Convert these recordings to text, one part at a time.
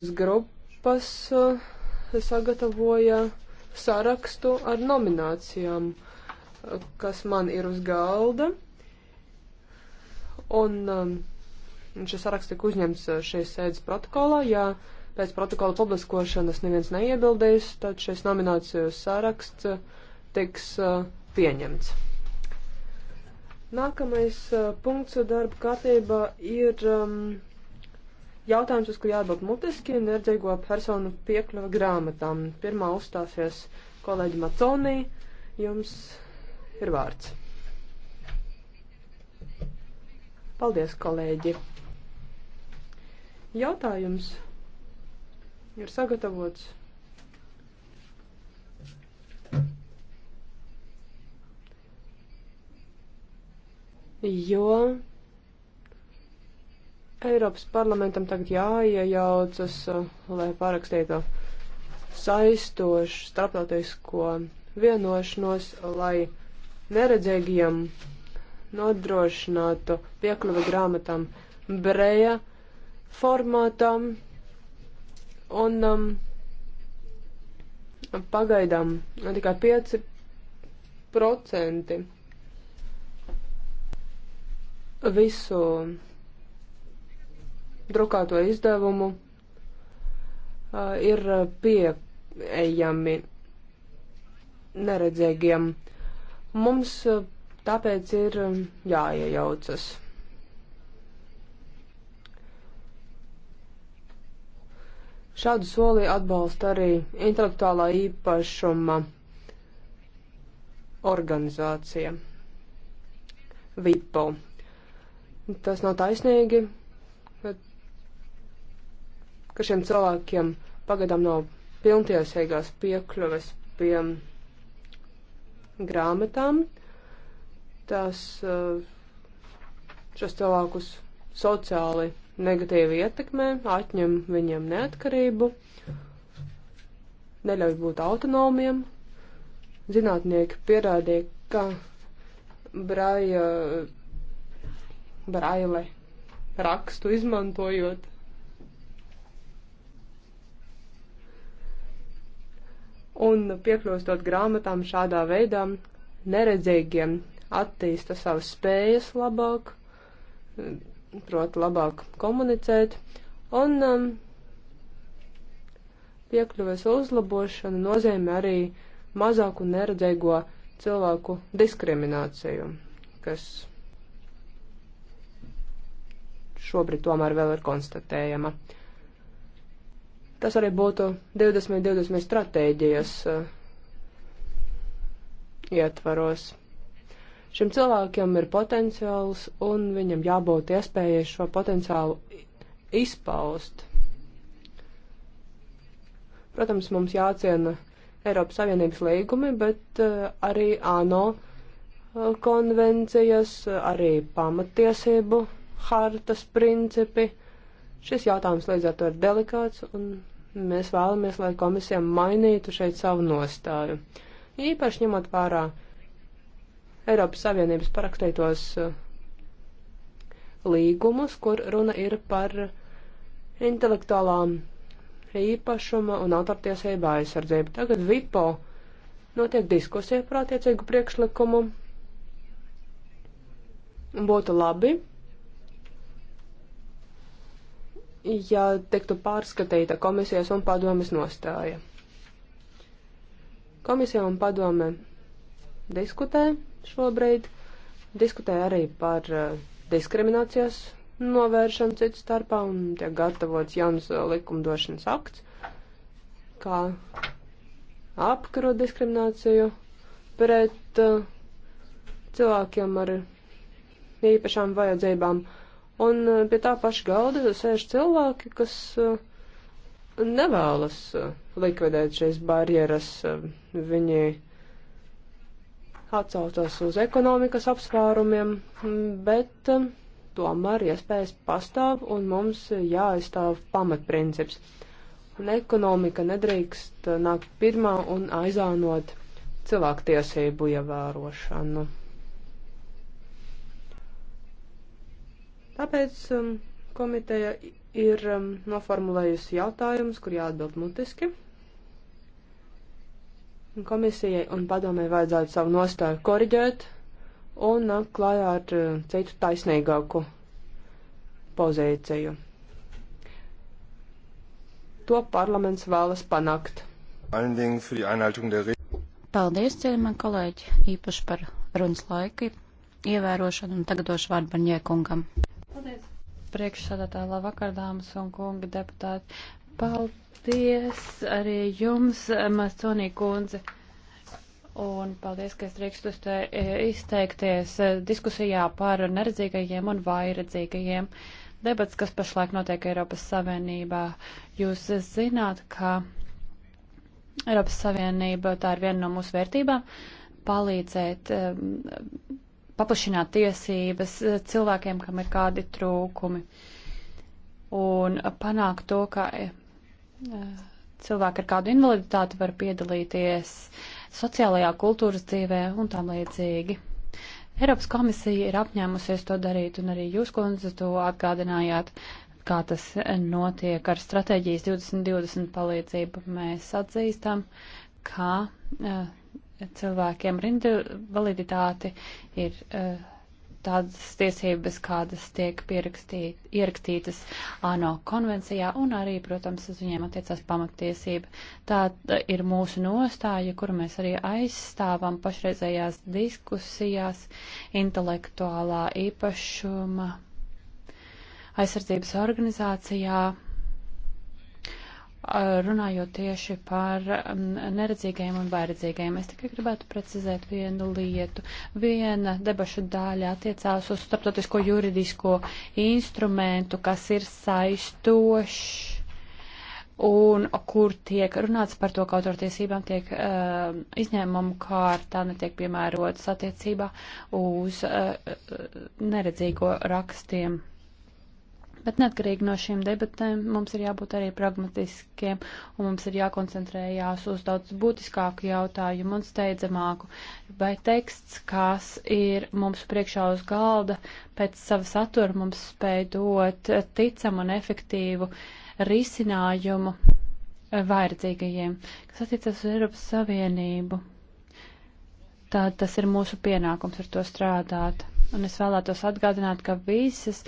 grupas eh, sagatavoja sarakstu ar nominācijām, eh, kas man ir uz galda. Un eh, šis saraksts tika uzņemts šīs sēdes protokolā. Ja pēc protokola publiskošanas neviens neiebildīs, tad šis nomināciju saraksts tiks pieņemts. Nākamais punkts darba kārtībā ir um, Jautājums, uz kur jāatbild mutiski, ir nerdzīgo personu piekļuva grāmatām. Pirmā uzstāsies kolēģi Maconī. Jums ir vārds. Paldies, kolēģi. Jautājums ir sagatavots. Jo Eiropas parlamentam tagad jāiejaucas, uh, lai parakstītu saistošu starptautisko vienošanos, lai neredzīgiem nodrošinātu piekļuvi grāmatām breja formātām. Un um, pagaidām tikai 5% visu drukāto izdevumu ir pieejami neredzīgiem. Mums tāpēc ir jāiejaucas. Šādu soli atbalsta arī intelektuālā īpašuma organizācija VIPO. Tas nav taisnīgi, ka šiem cilvēkiem pagadām nav pilntiesīgās piekļuves pie grāmatām. Tas eh, šos cilvēkus sociāli negatīvi ietekmē, atņem viņiem neatkarību, neļauj būt autonomiem. Zinātnieki pierādīja, ka braja, braile rakstu izmantojot un piekļūstot grāmatām šādā veidā neredzīgiem attīsta savas spējas labāk, proti labāk komunicēt, un um, piekļuves uzlabošana nozīmē arī mazāku neredzīgo cilvēku diskrimināciju, kas šobrīd tomēr vēl ir konstatējama. Tas arī būtu 2020 stratēģijas uh, ietvaros. Šim cilvēkam ir potenciāls un viņam jābūt iespējai šo potenciālu izpaust. Protams, mums jāciena Eiropas Savienības līgumi, bet uh, arī ANO uh, konvencijas, arī pamatiesību hartas principi. Uh, Šis jautājums līdz ar to ir delikāts, un mēs vēlamies, lai komisija mainītu šeit savu nostāju. Īpaši ņemot vērā Eiropas Savienības parakstītos uh, līgumus, kur runa ir par intelektuālām īpašuma un autortiesība aizsardzību. Tagad VIPO notiek diskusija par attiecīgu priekšlikumu. Būtu labi, ja tiktu pārskatīta komisijas un padomes nostāja. Komisija un padome diskutē šobrīd, diskutē arī par eh, diskriminācijas novēršanu citu starpā un tiek gatavots jauns eh, likumdošanas akts, kā apkaro diskrimināciju pret eh, cilvēkiem ar īpašām vajadzībām. Uh, Un eh, pie tā paša galda sēž cilvēki, kas eh, nevēlas eh, likvidēt šīs barjeras. Viņi atsaucas uz ekonomikas apsvērumiem, bet tomēr iespējas pastāv un mums jāaizstāv pamatprincips. Un ekonomika nedrīkst nākt pirmā un aizānot cilvēktiesību ievērošanu. Tāpēc um, komiteja ir um, noformulējusi jautājumus, kur jāatbild mutiski. Komisijai un padomē vajadzētu savu nostāju koriģēt un nākt klājā ar uh, citu taisnīgāku pozīciju. To parlaments vēlas panākt. Paldies, cienījamā kolēģi, īpaši par runas laiku ievērošanu un tagad došu vārdu Barņē kungam. Priekšsādātāja labvakar, dāmas un kungi deputāti. Paldies arī jums, Mastonī kundze. Un paldies, ka es drīkstu izteikties eh, diskusijā par neredzīgajiem un vairedzīgajiem. Debats, kas pašlaik notiek Eiropas Savienībā, jūs zināt, ka Eiropas Savienība tā ir viena no mūsu vērtībām palīdzēt um, paplašināt tiesības eh, cilvēkiem, kam ir kādi trūkumi, un eh, panākt to, ka eh, cilvēki ar kādu invaliditāti var piedalīties sociālajā kultūras dzīvē un tam līdzīgi. Eiropas komisija ir apņēmusies to darīt, un arī jūs, kundze, to atgādinājāt, kā tas notiek ar stratēģijas 2020 palīdzību. Mēs atzīstam, ka uh, cilvēkiem ar invaliditāti ir uh, tādas tiesības, kādas tiek ierakstītas ANO konvencijā, un arī, protams, uz viņiem attiecās pamatiesība. Tā ir mūsu nostāja, kuru mēs arī aizstāvam pašreizējās diskusijās intelektuālā īpašuma aizsardzības organizācijā runājot tieši par um, neredzīgajiem un bairedzīgajiem. Es tikai gribētu precizēt vienu lietu. Viena debašu daļa attiecās uz starptautisko juridisko instrumentu, kas ir saistošs un kur tiek runāts par to, ka autortiesībām tiek uh, izņēmumu kārtā netiek piemērotas attiecībā uz uh, uh neredzīgo rakstiem. Bet neatkarīgi no šīm debatēm mums ir jābūt arī pragmatiskiem un mums ir jākoncentrējās uz daudz būtiskāku jautājumu un steidzamāku. Vai teksts, kas ir mums priekšā uz galda, pēc sava satura mums spēj dot ticamu un efektīvu risinājumu vairdzīgajiem, kas attiecas uz Eiropas Savienību. Tad tas ir mūsu pienākums ar to strādāt. Un es vēlētos atgādināt, ka visas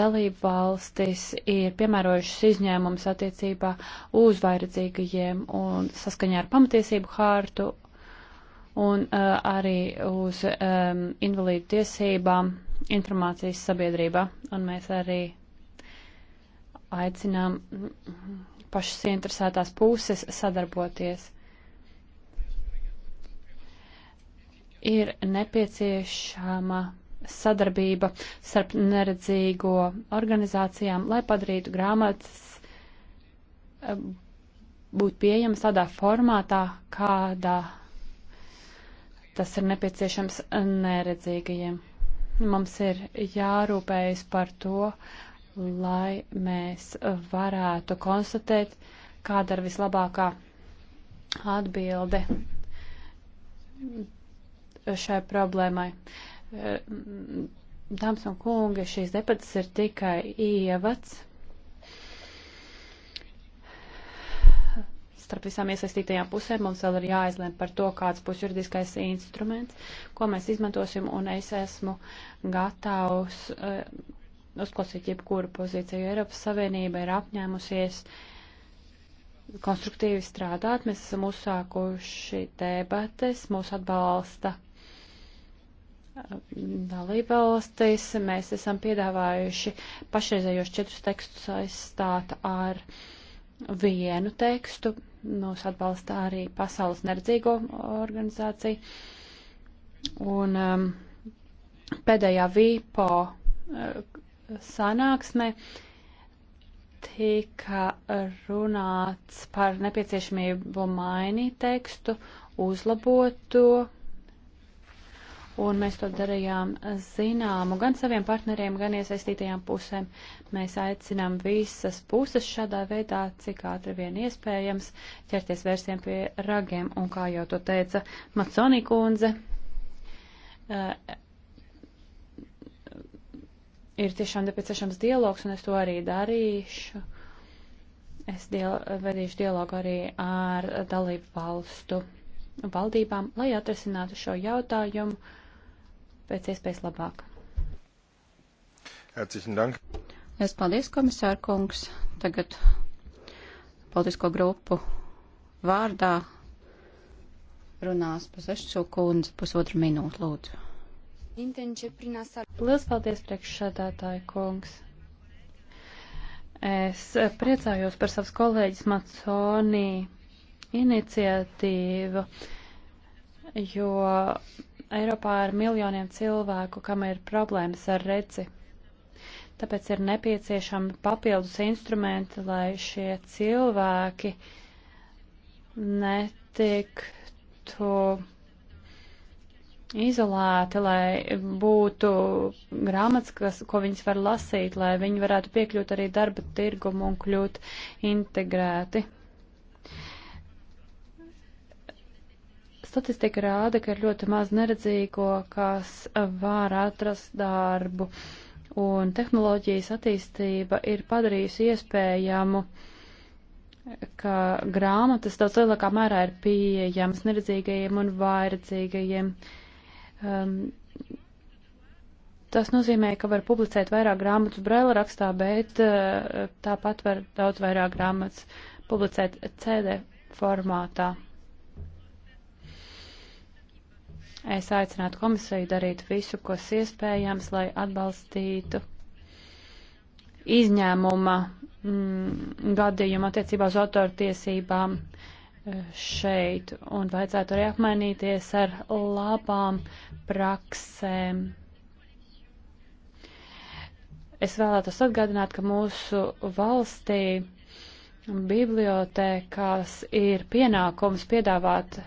dalību valstis ir piemērojušas izņēmumus attiecībā uz vairedzīgajiem un saskaņā ar pamatiesību hārtu un uh, arī uz um, invalīdu tiesībām informācijas sabiedrībā. Un mēs arī aicinām pašas interesētās puses sadarboties. Ir nepieciešama sadarbība starp neredzīgo organizācijām, lai padarītu grāmatas eh, būt pieejamas tādā formātā, kādā tas ir nepieciešams neredzīgajiem. Mums ir jārūpējas par to, lai mēs varētu konstatēt, kāda ir vislabākā atbilde šai problēmai. Eh, dāmas un kungi, šīs debatas ir tikai ievads starp visām iesaistītajām pusēm mums vēl ir jāizlem par to, kāds būs juridiskais instruments, ko mēs izmantosim, un es esmu gatavs uh, uzklausīt jebkuru pozīciju. Eiropas Savienība ir apņēmusies konstruktīvi strādāt, mēs esam uzsākuši debates, mūs atbalsta dalībvalstīs mēs esam piedāvājuši pašreizējos četrus tekstus aizstāt ar vienu tekstu. Mūs atbalsta arī Pasaules neredzīgo organizācija. Un um, pēdējā VIPO uh, sanāksmē tika runāts par nepieciešamību mainīt tekstu, uzlabot to, un mēs to darījām zināmu gan saviem partneriem, gan iesaistītajām pusēm. Mēs aicinām visas puses šādā veidā, cik ātri vien iespējams, ķerties vērsiem pie ragiem, un kā jau to teica Maconi kundze, eh, ir tiešām nepieciešams dialogs, un es to arī darīšu. Es dial vedīšu dialogu arī ar dalību valstu valdībām, lai atrisinātu šo jautājumu pēc iespējas labāk. Es paldies, komisāra kungs. Tagad politisko grupu vārdā runās Pasešu kundze pusotru minūtu lūdzu. Lielas paldies, priekšsēdētāja kungs. Es priecājos par savas kolēģis Matsonī iniciatīvu, jo Eiropā ir miljoniem cilvēku, kam ir problēmas ar redzi. Tāpēc ir nepieciešami papildus instrumenti, lai šie cilvēki netiktu izolēti, lai būtu grāmatas, kas, ko viņas var lasīt, lai viņi varētu piekļūt arī darba tirgumu un kļūt integrēti. Statistika rāda, ka ir ļoti maz neredzīgo, kas var atrast darbu, un tehnoloģijas attīstība ir padarījusi iespējamu, ka grāmatas daudz lielākā mērā ir pieejamas neredzīgajiem un vairedzīgajiem. Um, tas nozīmē, ka var publicēt vairāk grāmatas braila rakstā, bet uh, tāpat var daudz vairāk grāmatas publicēt CD formātā. Es aicinātu komisiju darīt visu, kas iespējams, lai atbalstītu izņēmuma mm, gadījumu attiecībā uz autortiesībām e, šeit un vajadzētu arī apmainīties ar labām praksēm. Es vēlētos atgādināt, ka mūsu valstī bibliotēkās ir pienākums piedāvāt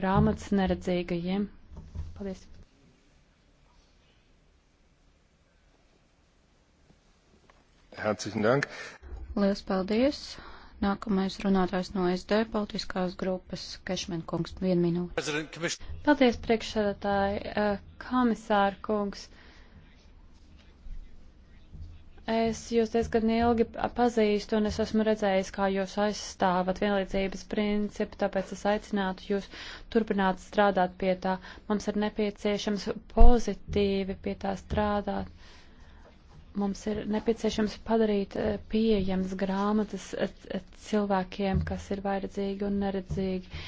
grāmatas neredzīgajiem. Paldies! Herzlichen Dank. Lielas paldies. Nākamais runātājs no SD politiskās grupas Kešmen kungs. Vienu minūti. Paldies, priekšsēdētāji. Eh, Komisāra kungs. Uh, Es jūs diezgan ilgi pazīstu, un es esmu redzējis, kā jūs aizstāvat vienlīdzības principu, tāpēc es aicinātu jūs turpināt strādāt pie tā. Mums ir nepieciešams pozitīvi pie tā strādāt. Mums ir nepieciešams padarīt e, pieejams grāmatas e, e, cilvēkiem, kas ir vairedzīgi un neredzīgi.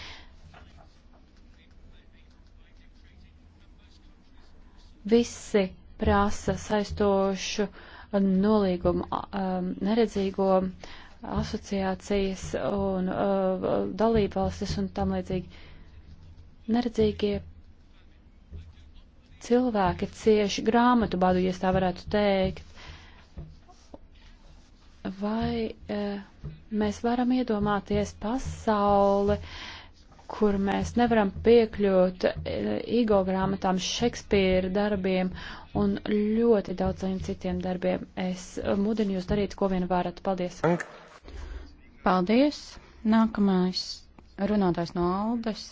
Visi prasa saistošu uh, nolīgumu neredzīgo asociācijas un dalībvalstis un tam līdzīgi. Neredzīgie cilvēki cieši grāmatu badu, ja tā varētu teikt. Vai e, mēs varam iedomāties pasauli, e, kur mēs nevaram piekļūt īgo e, grāmatām, Šekspīra darbiem un ļoti daudziem citiem darbiem. Es mudinu jūs darīt, ko vien varat. Paldies! Paldies! Nākamais runātājs no Aldes.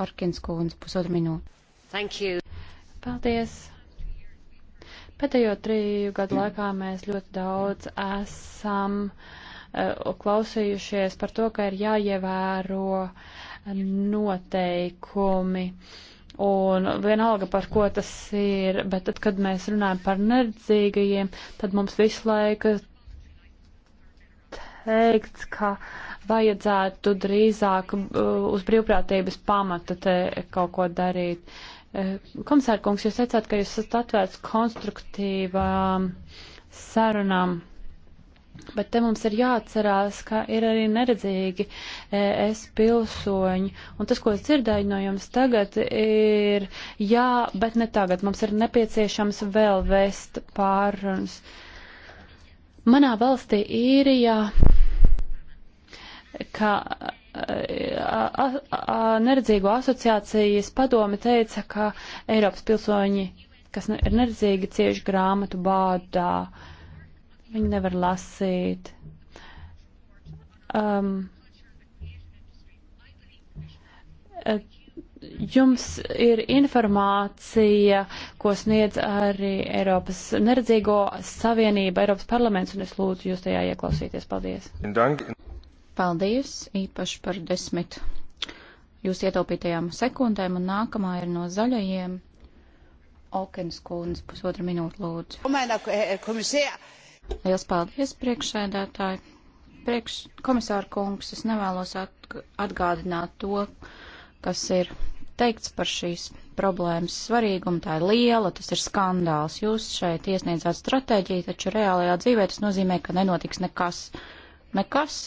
Arkins Kūns, pusotru minūti. Thank you! Paldies! Pēdējo triju gadu laikā mēs ļoti daudz esam. Um, Eh, klausījušies par to, ka ir jāievēro noteikumi. Un vienalga, par ko tas ir, bet tad, kad mēs runājam par neredzīgajiem, tad mums visu laiku teikts, ka vajadzētu drīzāk eh, uz brīvprātības pamata te kaut ko darīt. Eh, komisārkungs, jūs teicāt, ka jūs esat atvērts konstruktīvām sarunām. Bet te mums ir jāatcerās, ka ir arī neredzīgi e, es pilsoņi. Un tas, ko es dzirdēju no jums tagad, ir jā, bet ne tagad. Mums ir nepieciešams vēl vēst pārunas. Manā valstī īrijā, ka e, neredzīgo asociācijas padomi teica, ka Eiropas pilsoņi, kas ir neredzīgi, cieši grāmatu bādā. Uh, Viņi nevar lasīt. Um, et, eh, jums ir informācija, ko sniedz arī Eiropas neredzīgo savienība, Eiropas parlaments, un es lūdzu jūs tajā ieklausīties. Paldies! Paldies īpaši par desmit jūs ietaupītajām sekundēm, un nākamā ir no zaļajiem. Okens kundze, pusotra minūte lūdzu. Eh, Liels paldies, priekšsēdētāji. Priekš, komisāra kungs, es nevēlos atgādināt to, kas ir teikts par šīs problēmas svarīgumu. Tā ir liela, tas ir skandāls. Jūs šeit iesniedzāt stratēģiju, taču reālajā dzīvē tas nozīmē, ka nenotiks nekas. Nekas.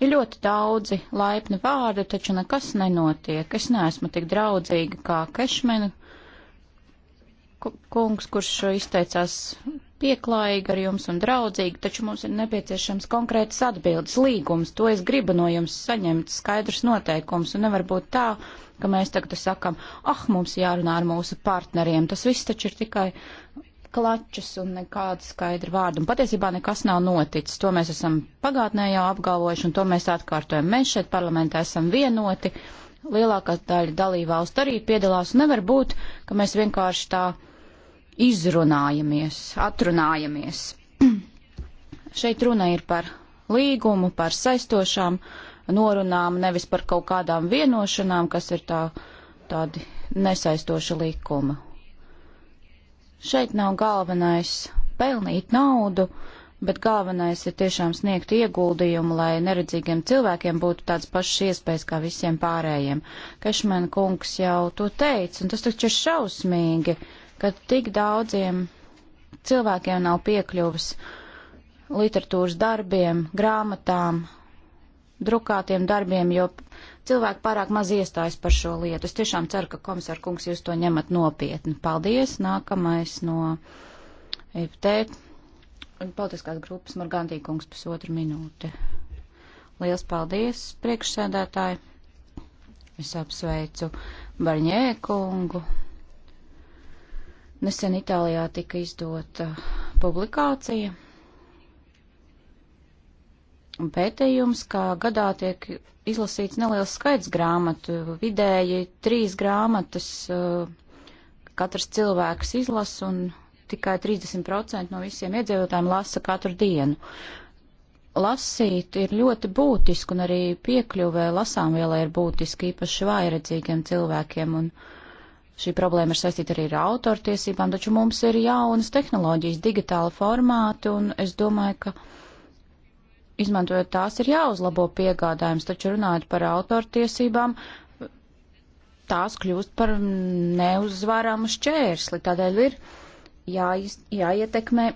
Ir ļoti daudzi laipni vārdi, taču nekas nenotiek. Es neesmu tik draudzīga kā Kešmena kungs, kurš izteicās pieklājīgi ar jums un draudzīgi, taču mums ir nepieciešams konkrētas atbildes, līgums. To es gribu no jums saņemt, skaidrs noteikums. Un nevar būt tā, ka mēs tagad sakam, ah, mums jārunā ar mūsu partneriem. Tas viss taču ir tikai klačas un nekāda skaidra vārda. Un patiesībā nekas nav noticis. To mēs esam pagātnē jau apgalvojuši un to mēs atkārtojam. Mēs šeit parlamentā esam vienoti. Lielākā daļa dalībvalstu arī piedalās un nevar būt, ka mēs vienkārši tā izrunājamies, atrunājamies. Šeit runa ir par līgumu, par saistošām norunām, nevis par kaut kādām vienošanām, kas ir tā, tādi nesaistoši likuma. Šeit nav galvenais pelnīt naudu, bet galvenais ir tiešām sniegt ieguldījumu, lai neredzīgiem cilvēkiem būtu tāds pašs iespējas kā visiem pārējiem. Kašmēna kungs jau to teica, un tas taču ir šausmīgi, ka tik daudziem cilvēkiem nav piekļuvis literatūras darbiem, grāmatām, drukātiem darbiem, jo cilvēki pārāk maz iestājas par šo lietu. Es tiešām ceru, ka komisāra kungs jūs to ņemat nopietni. Paldies! Nākamais no IPT e politiskās grupas Morgantī kungs pusotru minūti. Liels paldies, priekšsēdētāji! Es apsveicu Barņē kungu Nesen Itālijā tika izdota publikācija un pētījums, ka gadā tiek izlasīts neliels skaits grāmatu, vidēji trīs grāmatas eh, katrs cilvēks izlasa un tikai 30% no visiem iedzīvotājiem lasa katru dienu. Lasīt ir ļoti būtiski un arī piekļuvē lasāmvielai ir būtiski, īpaši vairedzīgiem cilvēkiem. Un, uh, Šī problēma ir saistīta arī ar autortiesībām, taču mums ir jaunas tehnoloģijas, digitāla formāta, un es domāju, ka izmantojot tās ir jāuzlabo piegādājums, taču runājot par autortiesībām, tās kļūst par neuzvaramu šķērsli. Tādēļ ir jā, jāietekmē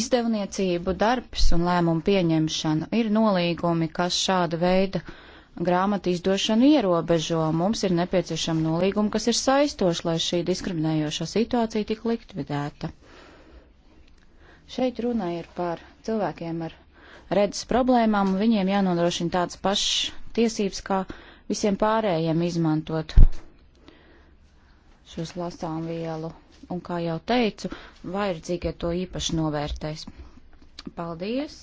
izdevniecību darbs un lēmumu pieņemšana. Ir nolīgumi, kas šāda veida uh, grāmatu izdošanu ierobežo. Mums ir nepieciešama nolīguma, kas ir saistoša, lai šī diskriminējošā situācija tik likvidēta. Šeit runa ir par cilvēkiem ar redzes problēmām, un viņiem jānodrošina tādas pašas tiesības, kā visiem pārējiem izmantot šos lasām vielu. Un, kā jau teicu, vairdzīgie to īpaši novērtēs. Paldies!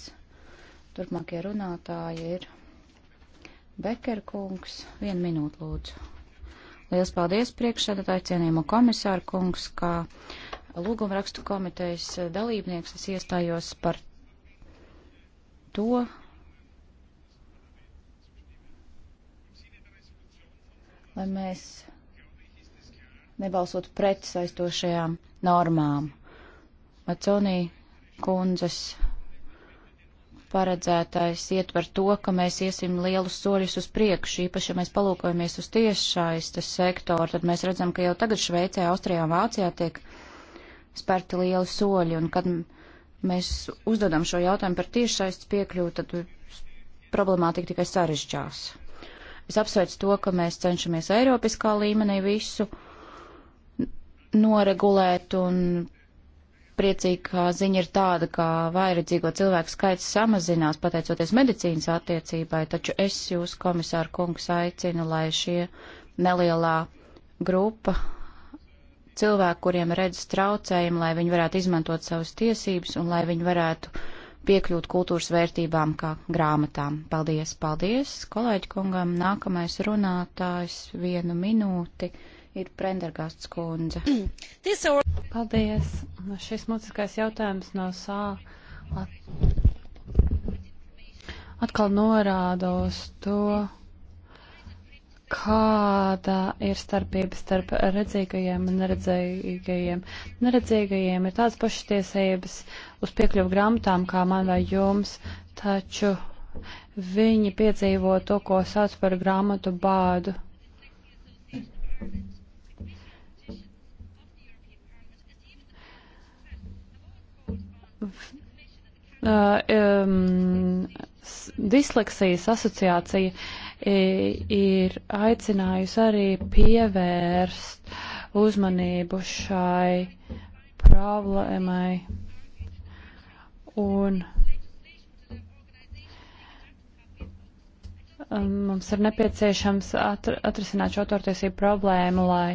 Turpmākie runātāji ir. Beker kungs, vienu minūtu lūdzu. Liels paldies priekšsēdētāji cienījumu komisāru kungs, kā lūgumrakstu komitejas dalībnieks es iestājos par to, lai mēs nebalsot pret saistošajām normām. Maconī kundzes paredzētais ietver to, ka mēs iesim lielus soļus uz priekšu, īpaši, ja mēs palūkojamies uz tiešsaistes sektoru, tad mēs redzam, ka jau tagad Šveicē, Austrijā un Vācijā tiek spērti lieli soļi, un kad mēs uzdodam šo jautājumu par tiešsaistes piekļuvu, tad problemātika tikai sarežģās. Es apsveicu to, ka mēs cenšamies Eiropiskā līmenī visu noregulēt un priecīga ziņa ir tāda, ka vairedzīgo cilvēku skaits samazinās pateicoties medicīnas attiecībai, taču es jūs, komisāra kungs, aicinu, lai šie nelielā grupa cilvēku, kuriem ir redzes traucējumi, lai viņi varētu izmantot savas tiesības un lai viņi varētu piekļūt kultūras vērtībām kā grāmatām. Paldies, paldies, kolēģi kungam. Nākamais runātājs vienu minūti ir Prendergasts kundze. Paldies. Šis mūciskais jautājums no sā at... atkal norāda uz to, kāda ir starpība starp redzīgajiem un neredzīgajiem. Neredzīgajiem ir tādas pašas tiesības uz piekļuvu grāmatām kā man vai jums, taču viņi piedzīvo to, ko sauc par grāmatu bādu. Uh, um, Disleksijas asociācija ir aicinājusi arī pievērst uzmanību šai problēmai. Un um, mums ir nepieciešams atr atrisināt šo autortiesību problēmu, lai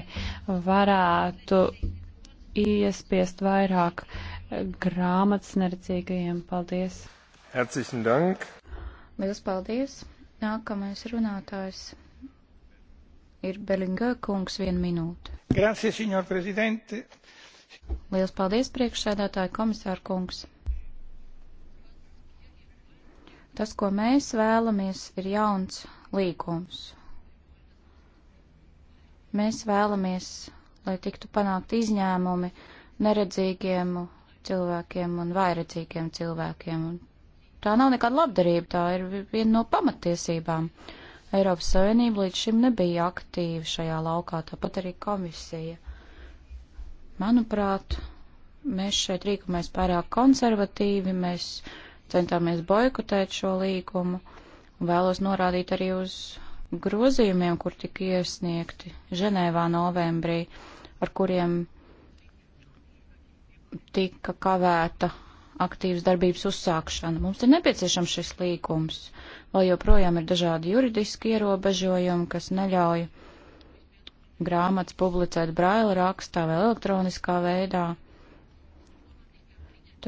varētu iespiest vairāk uh, grāmatas neredzīgajiem. Paldies! Herzlichen Dank! Liels paldies! Nākamais runātājs ir Berlingē kungs vienu minūtu. Grazie, signor prezidente! Liels paldies, priekšsēdētāji komisāra kungs! Tas, ko mēs vēlamies, ir jauns līgums. Mēs vēlamies, lai tiktu panākt izņēmumi neredzīgiem cilvēkiem un vairedzīgiem cilvēkiem. Tā nav nekāda labdarība, tā ir viena no pamatiesībām. Eiropas Savienība līdz šim nebija aktīva šajā laukā, tāpat arī komisija. Manuprāt, mēs šeit rīkojamies pārāk konservatīvi, mēs centāmies boikotēt šo līgumu un vēlos norādīt arī uz grozījumiem, kur tika iesniegti Ženēvā novembrī, ar kuriem tika kavēta aktīvas darbības uzsākšana. Mums ir nepieciešams šis līgums, vai joprojām ir dažādi juridiski ierobežojumi, kas neļauj grāmatas publicēt braila rakstā vai elektroniskā veidā.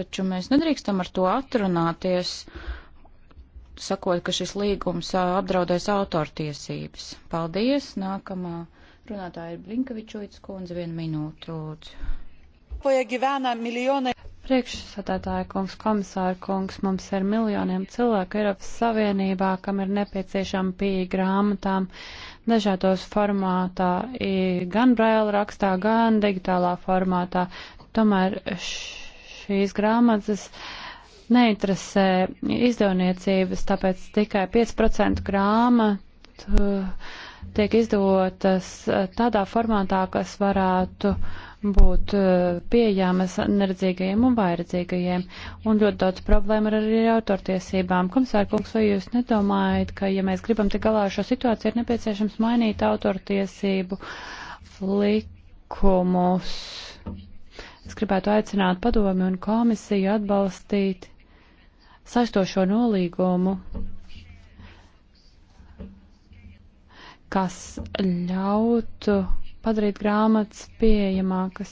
Taču mēs nedrīkstam ar to atrunāties, sakot, ka šis līgums apdraudēs autortiesības. Paldies! Nākamā runātāja ir Blinkavičoits kundze, vienu minūti lūdzu. Europoje gyvena milijonai. Priekšsādātāja kungs, komisāra kungs, mums ir miljoniem cilvēku Eiropas Savienībā, kam ir nepieciešama pieeja grāmatām dažādos formātā, gan braila rakstā, gan digitālā formātā. Tomēr šīs grāmatas neinteresē izdevniecības, tāpēc tikai 5% grāmatu tiek izdotas eh, tādā formātā, kas varētu uh, būt eh, pieejamas neredzīgajiem un vairedzīgajiem. Un ļoti daudz problēma ir arī ar autortiesībām. Komisār kungs, vai jūs nedomājat, ka, ja mēs gribam tik galā ar šo situāciju, ir nepieciešams mainīt autortiesību likumus? Es gribētu aicināt padomi un komisiju atbalstīt saistošo nolīgumu, kas ļautu padarīt grāmatas pieejamākas.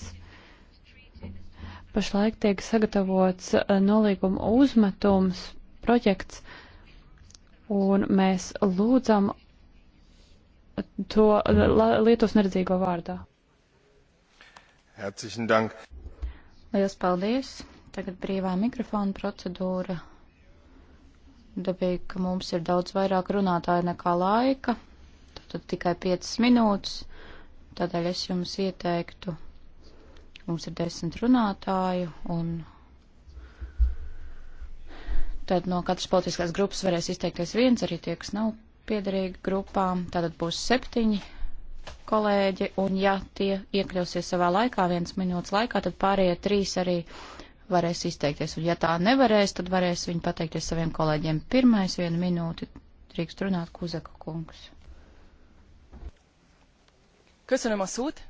Pašlaik tiek sagatavots eh, nolīguma uzmetums, projekts, un mēs lūdzam to eh, Lietuvas neredzīgo vārdā. Herzlichen Dank. Lielas paldies. Tagad brīvā mikrofona procedūra. Dabīgi, ka mums ir daudz vairāk runātāju nekā laika. Tad tikai 5 minūtes. Tādēļ es jums ieteiktu, mums ir desmit runātāju, un tad no katras politiskās grupas varēs izteikties viens, arī tie, kas nav piederīgi grupām. Tātad būs septiņi kolēģi, un ja tie iekļausies savā laikā, viens minūtes laikā, tad pārējie trīs arī varēs izteikties. Un ja tā nevarēs, tad varēs viņi pateikties saviem kolēģiem. Pirmais vienu minūti drīkst runāt Kuzaka kungs. Köszönöm a szót.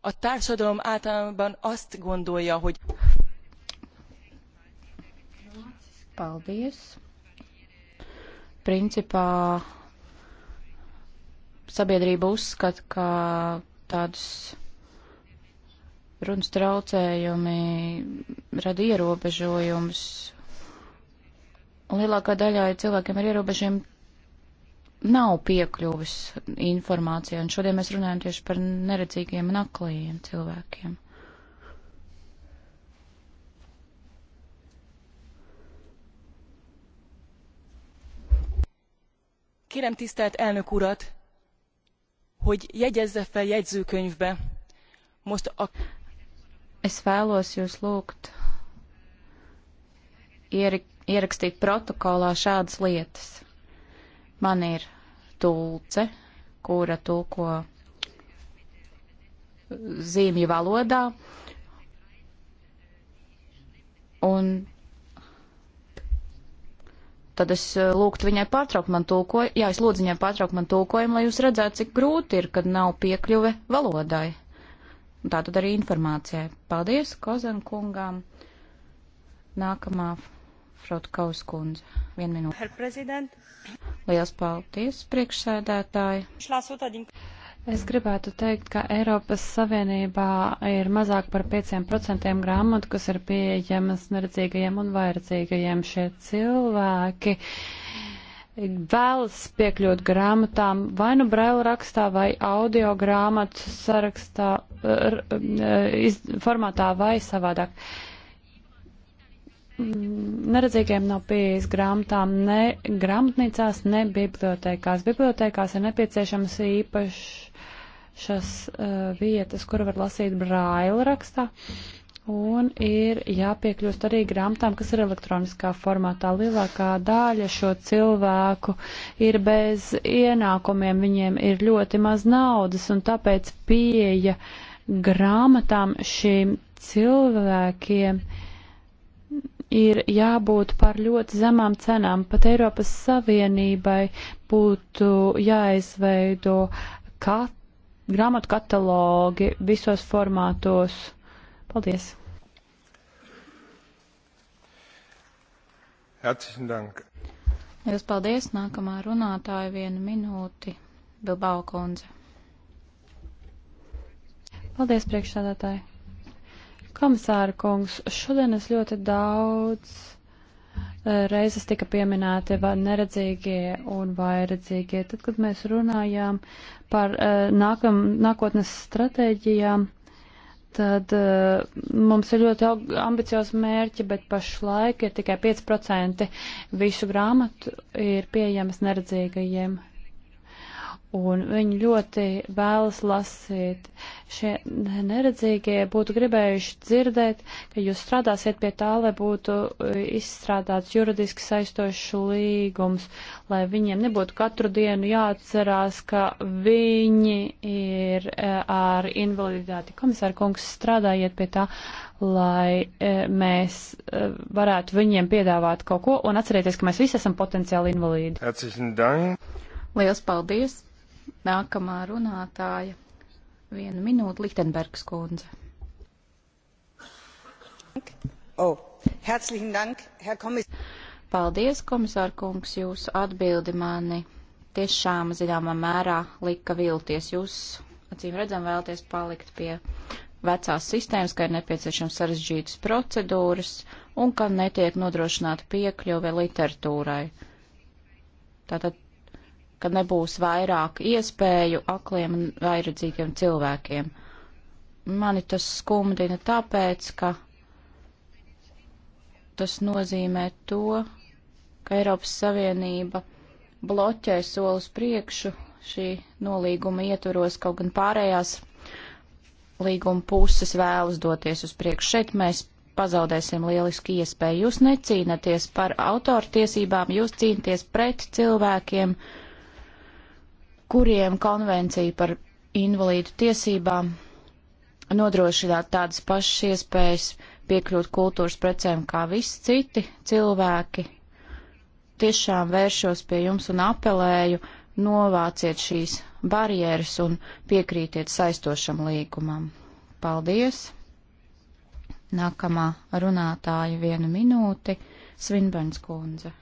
A társadalom általában azt gondolja, hogy... Paldies. Principā sabiedrība uzskata, ka tādus runas traucējumi rada ierobežojumus. Lielākā daļā cilvēkiem ar ierobežojumiem nav piekļuvis informācijai, un šodien mēs runājam tieši par neredzīgiem un aklajiem cilvēkiem. Kérem tisztelt elnök urat, hogy jegyezze fel jegyzőkönyvbe. Most a... Es vēlos jūs lūgt ierik, ierakstīt protokolā šādas lietas. Man ir tulce, kura tulko zīmju valodā. Un tad es eh, lūgtu viņai pārtraukt man tulkojumu, jā, es lūdzu viņai pārtraukt man tulkojumu, lai jūs redzētu, cik grūti ir, kad nav piekļuve valodai. Un tā tad arī informācijai. Paldies Kozenkungām. Nākamā Frotkaus kundze. Vienu minūti. Herr prezident. Liels paldies, priekšsēdētāji. Es gribētu teikt, ka Eiropas Savienībā ir mazāk par 5% grāmatu, kas ir pieejamas neredzīgajiem un vairedzīgajiem šie cilvēki. Vēlas piekļūt grāmatām vai nu brailu rakstā vai audio grāmatu sarakstā, r, r, iz, formātā vai savādāk. Uh, Mm, neredzīgiem nav pieejas grāmatām ne grāmatnīcās, ne bibliotekās. Bibliotekās ir nepieciešamas īpašas uh, vietas, kur var lasīt brāļa rakstā. Un ir jāpiekļūst arī grāmatām, kas ir elektroniskā formātā. Lielākā daļa šo cilvēku ir bez ienākumiem, viņiem ir ļoti maz naudas, un tāpēc pieeja grāmatām šiem cilvēkiem uh, ir jābūt par ļoti zemām cenām. Pat Eiropas Savienībai būtu jāizveido kat grāmatu katalogi visos formātos. Paldies! Herzlichen Dank. Jūs paldies. Nākamā runātāja viena minūti. Bilbao kundze. Paldies, priekšsādātāji. Komisāra kungs, šodien es ļoti daudz e, reizes tika pieminēti neredzīgie un vairedzīgie. Tad, kad mēs runājām par uh, nākam, nākotnes stratēģijām, tad uh, mums ir ļoti ambiciozi mērķi, bet pašlaik ir tikai 5% visu grāmatu ir pieejamas neredzīgajiem un viņi ļoti vēlas lasīt. Šie neredzīgie būtu gribējuši dzirdēt, ka jūs strādāsiet pie tā, lai būtu e, izstrādāts juridiski saistošs līgums, lai viņiem nebūtu katru dienu jāatcerās, ka viņi ir e, ar invaliditāti. Komisāra kungs, strādājiet pie tā, lai e, mēs varētu viņiem piedāvāt kaut ko un atcerieties, ka mēs visi esam potenciāli invalīdi. Herzlichen Dank! Liels paldies! Nākamā runātāja - vienu minūtu Lichtenbergs kundze. Oh. Dank, Herr komis Paldies, komisār kungs, jūsu atbildi mani tiešām zināmā mērā lika vilties. Jūs, acīm redzam, vēlties palikt pie vecās sistēmas, ka ir nepieciešams sarežģītas procedūras un ka netiek nodrošināta piekļuve literatūrai. Tātad ka nebūs vairāk iespēju akliem un vairadzīgiem cilvēkiem. Mani tas skumdina tāpēc, ka tas nozīmē to, ka Eiropas Savienība bloķē solus priekšu šī nolīguma ietvaros, kaut gan pārējās līguma puses vēlas doties uz priekšu. Šeit mēs pazaudēsim lieliski iespēju. Jūs necīnaties par autortiesībām, jūs cīnaties pret cilvēkiem, uh, kuriem konvencija par invalīdu tiesībām nodrošināt tādas pašas iespējas piekļūt kultūras precēm kā visi citi cilvēki. Tiešām vēršos pie jums un apelēju, novāciet šīs barjeras un piekrītiet saistošam līgumam. Paldies! Nākamā runātāja viena minūte - Svinbens kundze.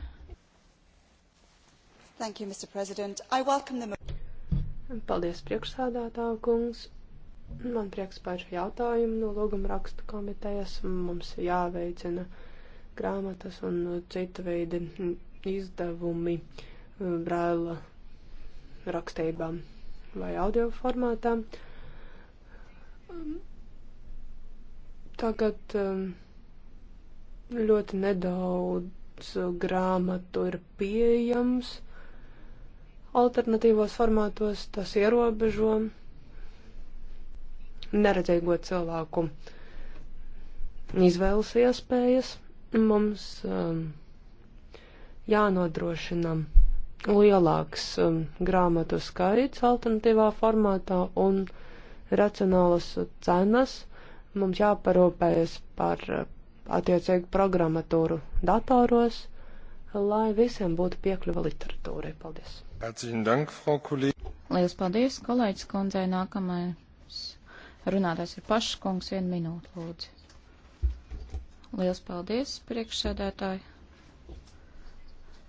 Thank you, Mr. President. I welcome the... Paldies, priekšsādātāja kungs. Man prieks par šo jautājumu no lūguma rakstu komitejas. Mums jāveicina grāmatas un cita veida izdevumi uh, brāla rakstībām vai audio formātā. Tagad um, ļoti nedaudz grāmatu ir pieejams alternatīvos formātos, tas ierobežo neredzīgo cilvēku izvēles iespējas. Mums um, jānodrošina lielāks um, grāmatu skaits alternatīvā formātā un racionālas cenas. Mums jāparūpējas par uh, attiecīgu programmatūru datoros, lai visiem būtu piekļuva literatūrai. Paldies! Lielas paldies, kolēģis kundzei. Nākamais runātājs ir pašs kungs. Vienu minūtu, lūdzu. Lielas paldies, priekšsēdētāji.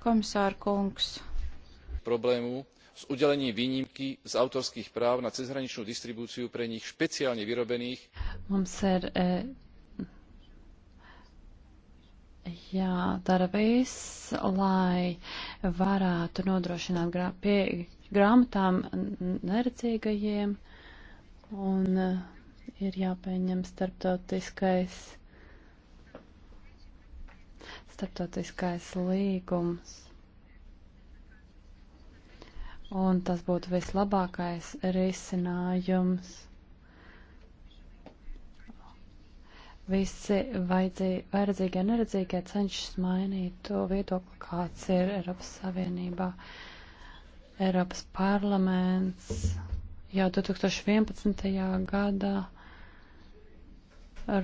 Komisāra kungs. Problēmu s udelením výnimky z autorských práv na cezhraničnú distribúciu pre nich špeciálne vyrobených. Mums ir er, e, eh, jādara viss, lai varētu nodrošināt grā, pie grāmatām neredzīgajiem un uh, ir jāpieņem starptautiskais, starptautiskais līgums. Un tas būtu vislabākais risinājums. visi vajadzīgie un neredzīgie cenšas mainīt to viedokli, kāds ir Eiropas Savienībā. Eiropas parlaments jau 2011. gadā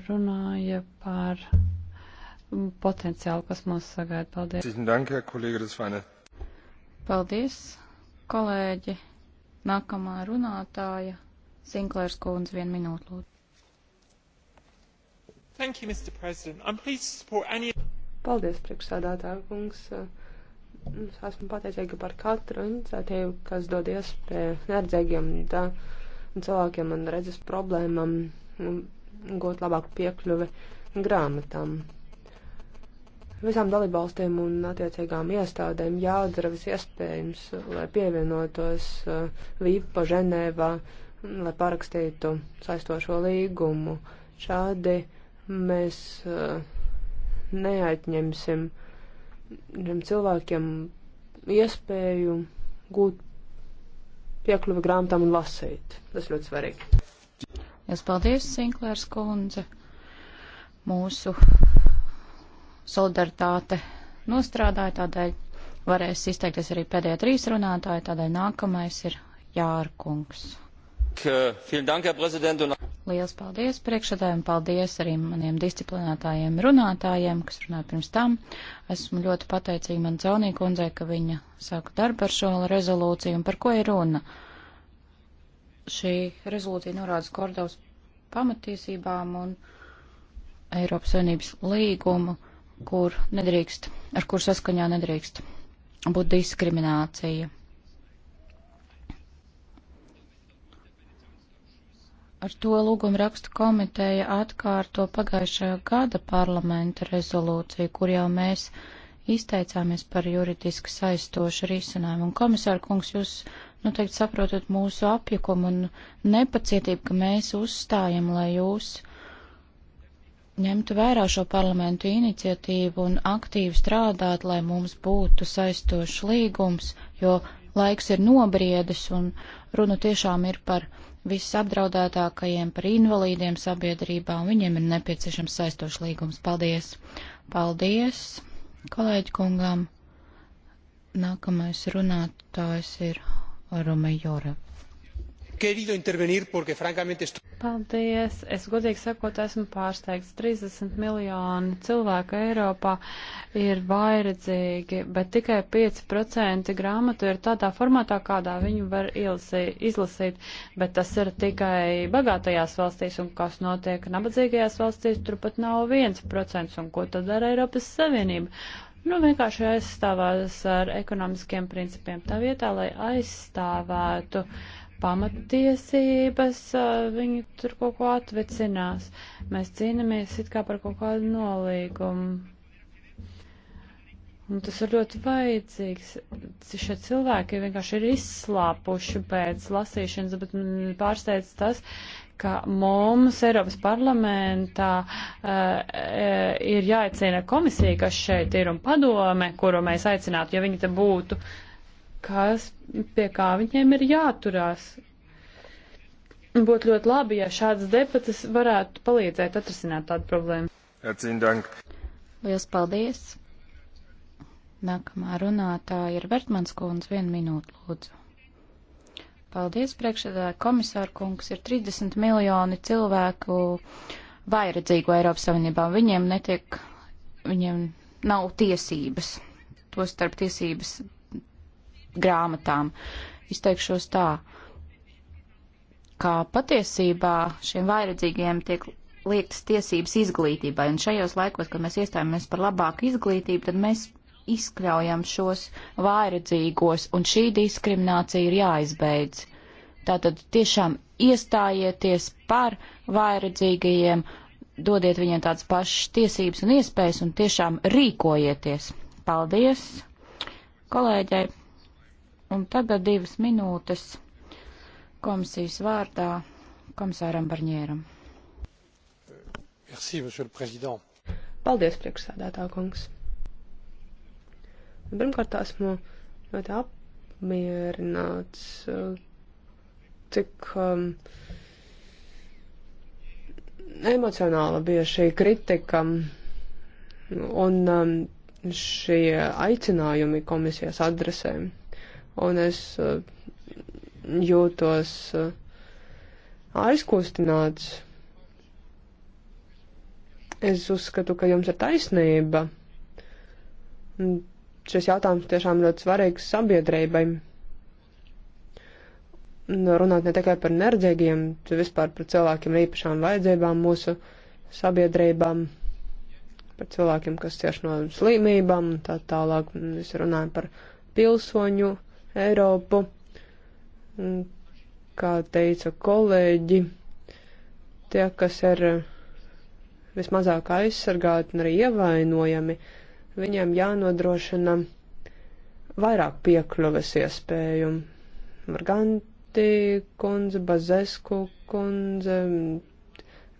runāja par potenciālu, kas mūs sagaida. Paldies! Paldies, kolēģi! Nākamā runātāja Sinklērs Kūns, vienu minūtu lūdzu. Paldies, priekšsādātāja kungs. Esmu pateicīga par katru iniciatīvu, kas dod iespēju neredzīgiem cilvēkiem un redzes problēmām gūt labāku piekļuvi grāmatām. Visām dalībvalstīm un attiecīgām iestādēm jādara viss iespējams, lai pievienotos uh, VIPA Ženēvā, lai parakstītu saistošo līgumu. Šādi uh, Mēs eh, neatņemsim cilvēkiem iespēju gūt piekļuvi grāmatām un lasīt. Tas ļoti svarīgi. Es paldies, Sinklērs kundze. Mūsu solidaritāte nostrādāja, tādēļ varēs izteikties arī pēdējie trīs runātāji, tādēļ nākamais ir Jārkungs. Vielen Dank, Herr Präsident. Liels paldies priekšsēdājiem, paldies arī maniem disciplinētājiem runātājiem, kas runāja pirms tam. Esmu ļoti pateicīga man caunī kundzē, ka viņa sāka darbu ar šo rezolūciju un par ko ir runa. Šī rezolūcija norāda Kordovas pamatiesībām un Eiropas Savienības līgumu, kur nedrīkst, ar kur saskaņā nedrīkst būt diskriminācija Ar to lūgumu rakstu komiteja atkārto pagājušā gada parlamenta rezolūciju, kur jau mēs izteicāmies par juridiski saistošu risinājumu. Un komisāra kungs, jūs noteikti nu, saprotat mūsu apjukumu un nepacietību, ka mēs uzstājam, lai jūs ņemtu vērā šo parlamentu iniciatīvu un aktīvi strādāt, lai mums būtu saistošs līgums, jo laiks ir nobriedis un runa tiešām ir par visapdraudētākajiem par invalīdiem sabiedrībā, un viņiem ir nepieciešams saistošs līgums. Paldies! Paldies kolēģi kungam! Nākamais runātājs ir Rome Jorava querido intervenir porque francamente estoy. Paldies. Es godīgi sakot, esmu pārsteigts. 30 miljoni cilvēku Eiropā ir vairedzīgi, bet tikai 5% grāmatu ir tādā formātā, kādā viņu var ilsi, izlasīt. Bet tas ir tikai bagātajās valstīs, un kas notiek nabadzīgajās valstīs, tur pat nav 1%. Un ko tad dara Eiropas Savienība? nu, vienkārši aizstāvās ar ekonomiskiem principiem. Tā vietā, lai aizstāvētu pamatiesības, viņi tur kaut ko atvecinās. Mēs cīnāmies it kā par kaut kādu nolīgumu. Un tas ir ļoti vajadzīgs. Šie cilvēki vienkārši ir izslāpuši pēc lasīšanas, bet man pārsteidz tas, ka mums Eiropas parlamentā uh, ir jāicina komisija, kas šeit ir un padome, kuru mēs aicinātu, ja viņi te būtu. Uh, kas, pie kā viņiem ir jāturās. Būtu ļoti labi, ja šādas debatas varētu palīdzēt atrisināt tādu problēmu. Atsindank. Lielas paldies! Nākamā runātāja ir Vertmans kundze, vienu minūtu lūdzu. Paldies, priekšsēdētāji, komisāra kungs, ir 30 miljoni cilvēku vairedzīgu Eiropas Savienībā. Viņiem netiek, viņiem nav tiesības, to starp tiesības grāmatām. Izteikšos tā, ka patiesībā šiem vairedzīgiem tiek liektas tiesības izglītībai, un šajos laikos, kad mēs iestājamies par labāku izglītību, tad mēs izkļaujam šos vairedzīgos, un šī diskriminācija ir jāizbeidz. Tātad tiešām iestājieties par vairedzīgajiem, dodiet viņiem tādas pašas tiesības un iespējas un tiešām rīkojieties. Paldies kolēģei! Un tagad divas minūtes komisijas vārdā komisāram Barņēram. Merci, monsieur le président. Paldies, priekšsēdētā kungs. Pirmkārt, esmu ļoti apmierināts, cik um, emocionāla bija šī kritika un um, šie aicinājumi komisijas adresēm un es uh, jūtos uh, aizkustināts. Es uzskatu, ka jums ir taisnība. Šis jautājums tiešām ļoti svarīgs sabiedrībai. Runāt ne tikai par nerdzīgiem, bet vispār par cilvēkiem ar īpašām vajadzībām mūsu sabiedrībām, par cilvēkiem, kas cieš no slimībām un tā tālāk. Es runāju par pilsoņu Eiropu. Kā teica kolēģi, tie, kas ir vismazāk aizsargāti un arī ievainojami, viņiem jānodrošina vairāk piekļuves iespēju. Morganti kundze, Bazesku kundze,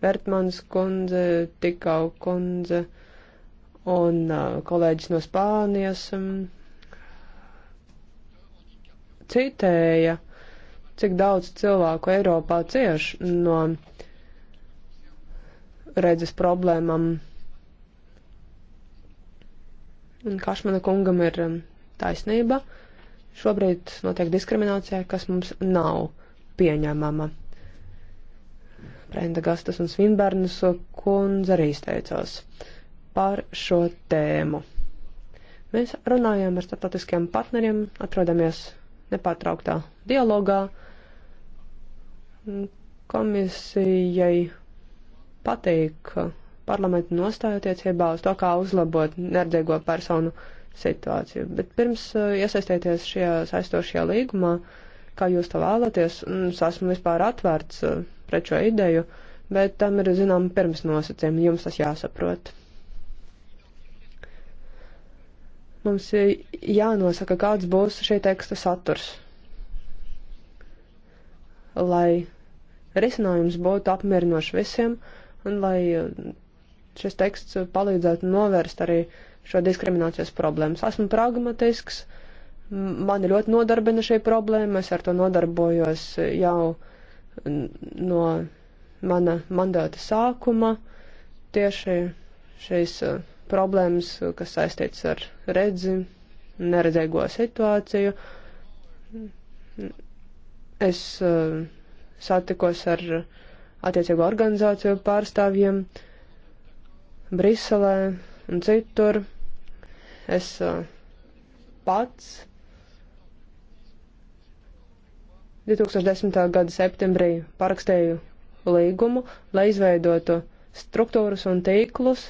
Vertmans kundze, Tikau kundze un uh, kolēģis no Spānijas. Um, citēja, cik daudz cilvēku Eiropā cieš no redzes problēmām. Un Kašmana kungam ir um, taisnība. Šobrīd notiek diskriminācija, kas mums nav pieņemama. Brenda Gastas un Svinbērnas kundze arī izteicās par šo tēmu. Mēs runājām ar starptautiskiem partneriem, atrodamies nepārtrauktā dialogā. Komisijai patīk parlamentu nostāju attiecībā uz to, kā uzlabot nerdzīgo personu situāciju. Bet pirms uh, iesaistīties šajā saistošajā līgumā, kā jūs to vēlaties, es esmu vispār atvērts uh, pret šo ideju, bet tam ir, zinām, pirms nosacījumi, jums tas jāsaprot. Mums jānosaka, kāds būs šī teksta saturs, lai risinājums būtu apmierinošs visiem un lai uh, šis teksts palīdzētu novērst arī šo diskriminācijas problēmas. Esmu pragmatisks, mani ļoti nodarbina šī problēma, es ar to nodarbojos jau no mana mandāta sākuma tieši šīs. Uh, problēmas, kas saistīts ar redzi, neredzēgo situāciju. Es uh, satikos ar attiecīgo organizāciju pārstāvjiem Briselē un citur. Es uh, pats 2010. gada septembrī parakstīju līgumu, lai izveidotu struktūras un tīklus,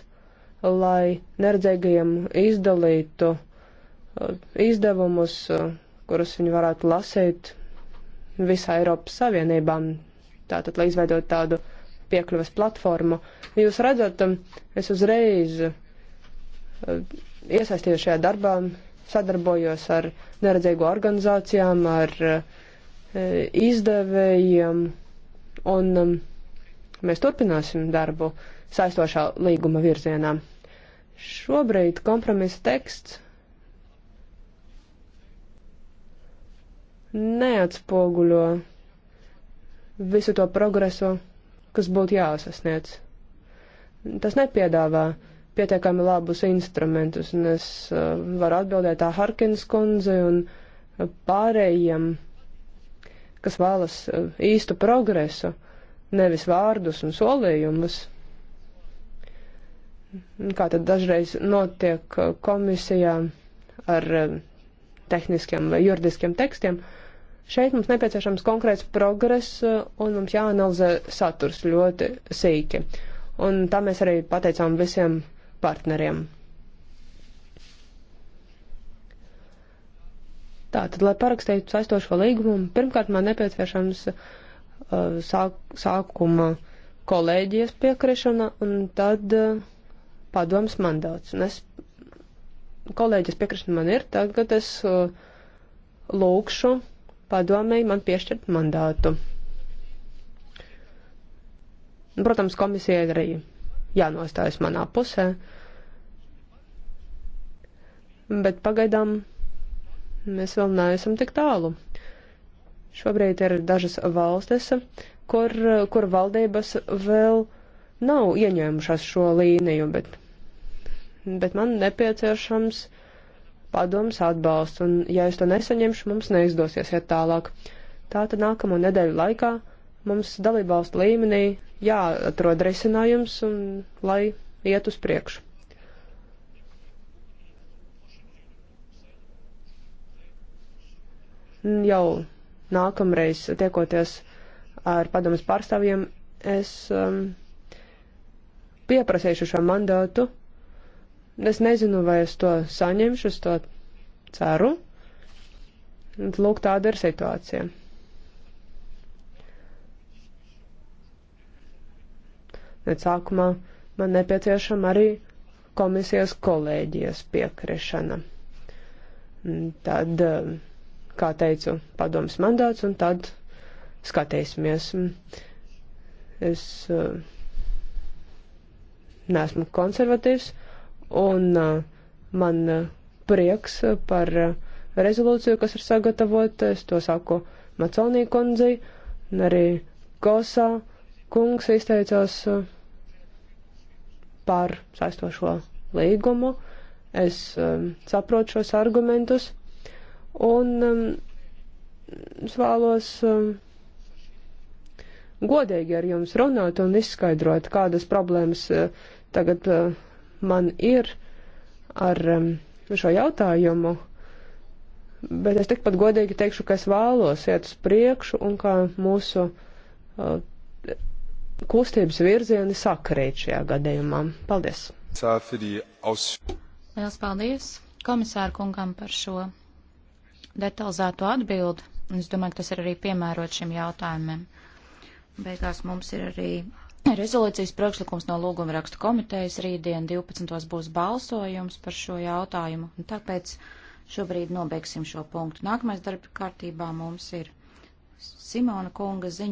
lai neredzīgajiem izdalītu eh, izdevumus, eh, kurus viņi varētu lasīt visā Eiropas Savienībā, tātad, lai izveidot tādu piekļuves platformu. Jūs redzat, es uzreiz eh, iesaistījos šajā darbā, sadarbojos ar neredzīgo organizācijām, ar izdevējiem, un mēs turpināsim darbu saistošā līguma virzienā. Šobrīd kompromisa teksts neatspoguļo visu to progresu, kas būtu jāsasniedz. Tas nepiedāvā pietiekami labus instrumentus, un es uh, varu atbildēt tā Harkins kundze un pārējiem, kas vēlas uh, īstu progresu, nevis vārdus un solījumus kā tad dažreiz notiek uh, komisijā ar uh, tehniskiem vai juridiskiem tekstiem. Šeit mums nepieciešams konkrēts progress uh, un mums jāanalizē saturs ļoti sīki. Un tā mēs arī pateicām visiem partneriem. Tātad, lai parakstītu saistošo līgumu, pirmkārt man nepieciešams uh, sāk, sākuma kolēģijas piekrišana un tad. Uh, padoms mandāts. Un es, kolēģis piekrišana man ir, tagad es uh, lūkšu padomēji man piešķirt mandātu. Un, nu, protams, komisija ir arī jānostājas manā pusē, bet pagaidām mēs vēl neesam tik tālu. Šobrīd ir dažas valstis, kur, kur valdības vēl nav ieņēmušās šo līniju, bet, bet man nepieciešams padoms atbalsts, un ja es to nesaņemšu, mums neizdosies iet tālāk. Tātad nākamo nedēļu laikā mums dalībvalstu līmenī jāatrod risinājums, un lai iet uz priekšu. Jau nākamreiz tiekoties ar padomas pārstāvjiem, es um, pieprasījuši šo mandātu. Es nezinu, vai es to saņemšu, es to ceru. Lūk, tāda ir situācija. Bet sākumā man nepieciešama arī komisijas kolēģijas piekrišana. Tad, eh, kā teicu, padoms mandāts un tad skatīsimies. Es uh, neesmu konservatīvs, un uh, man uh, prieks uh, par rezolūciju, kas ir sagatavota. Es to saku Maconī kundzei, un arī Kosā kungs izteicās par saistošo līgumu. Es um, saprotu šos argumentus, un um, es vēlos um, godīgi ar jums runāt un izskaidrot, kādas problēmas tagad uh, man ir ar um, šo jautājumu, bet es tikpat godīgi teikšu, ka es vēlos iet uz priekšu un kā mūsu uh, kustības virzieni sakarīt šajā gadījumā. Paldies! Liels paldies komisāru kungam par šo detalizēto atbildi. Es domāju, ka tas ir arī piemērot šiem jautājumiem. Beigās mums ir arī Rezolūcijas priekšlikums no lūguma rakstu komitejas rītdien 12. būs balsojums par šo jautājumu, un tāpēc šobrīd nobeigsim šo punktu. Nākamais darba kārtībā mums ir Simona kunga ziņa.